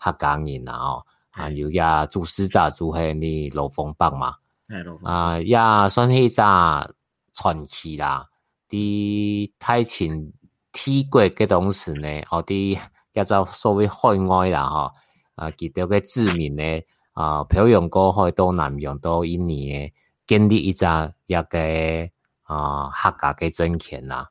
客家人啦在，哦，又呀做死揸做下你羅芳伯嘛，係咯，啊呀算係隻傳奇啦，啲大清帝國嘅當時呢，我啲叫做所謂海外啦，嗬，啊見到個知名呢，啊漂洋過海到南洋到印尼，建立一隻一個啊客家嘅政權啦。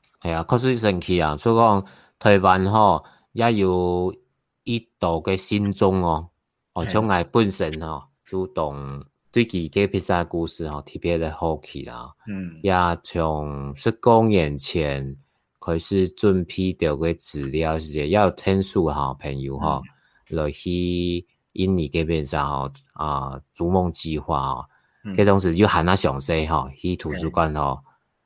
係啊，確實神奇啊！所以講台灣吼也有呢度嘅先蹤哦，哦，Okay. 哦從愛本身吼、哦、主動對佢嘅比賽故事吼特別嘅好奇啦、啊。嗯，也從十公元前開始準備着嘅資料，即係要天書吓朋友吼、哦、落、嗯、去印尼嘅比賽嗬，啊、呃、逐夢計劃啊、哦，佢當時就喊阿上西吼、哦嗯、去圖書館吼、哦。Okay.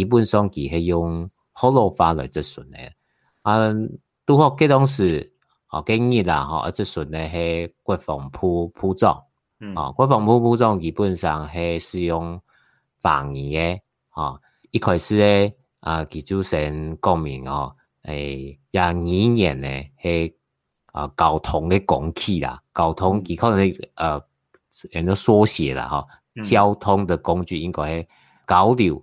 基本上佢係用 Holo 法嚟質詢嘅、啊，啊，都學嗰種是啊，今日啦，啊，質詢咧係國防部部長，造嗯、啊，國防部部長基本上係使用防疫誒。啊，一開始誒啊，佢就先講明哦，誒，用語言咧係啊，交通嘅講起啦，交通佢可能誒用咗縮寫啦，哈、啊，交通的工具應該係高鐵。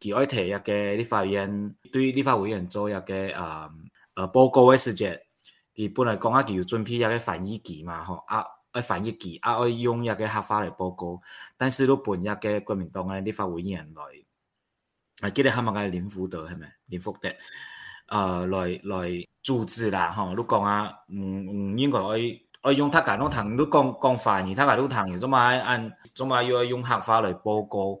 佢愛提一個立法院對立法委員做一個啊呃報告嘅事件，佢本來講啊，佢要準備一個翻譯機嘛，嗬啊誒翻譯機啊，可以用一個客話來報告，但是都本一個國民黨嘅立法委員來，啊叫你係咪啊林福德係咪？林福德，呃，來來主持啦，嗬，你講啊，嗯嗯，應該愛愛用他噶嗰趟，你講講翻譯，他噶嗰趟又做咩？做咩要要用客話來報告？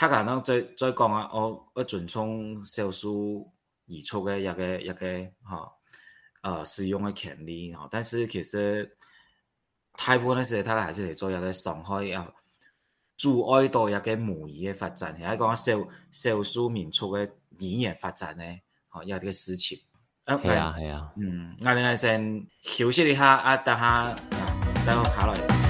睇下啦，再再講下，我我尊重少數民族嘅一個一個嚇，誒、呃、使用嘅權利嚇，但是其實大部分他其實佢係做一個上海啊阻礙到一個母語嘅發展，而家講少少數民族嘅語言發展咧嚇，有啲嘅事情。係啊係啊，啊嗯，我哋先休息一下，啊等下再開來。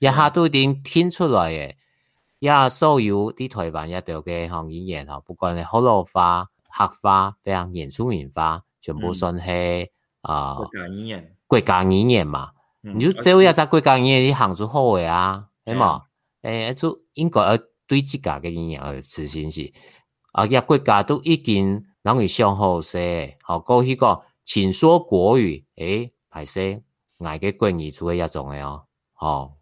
一下都已經聽出來誒，一下所有啲台灣一條嘅行語言嗬，不管你好老化、黑化，非常言出明化，全部算係啊國家語言，國家語言嘛，嗯、你就做一扎國家語言去行出好嘅啊，係嘛、嗯？誒吧，就應該要對自家嘅語言有自信是，啊、呃，而國家都已經諗住上好勢，好過去個請說國語，誒、欸，歹勢嗌嘅國語出嘅一種嘅哦、喔，喔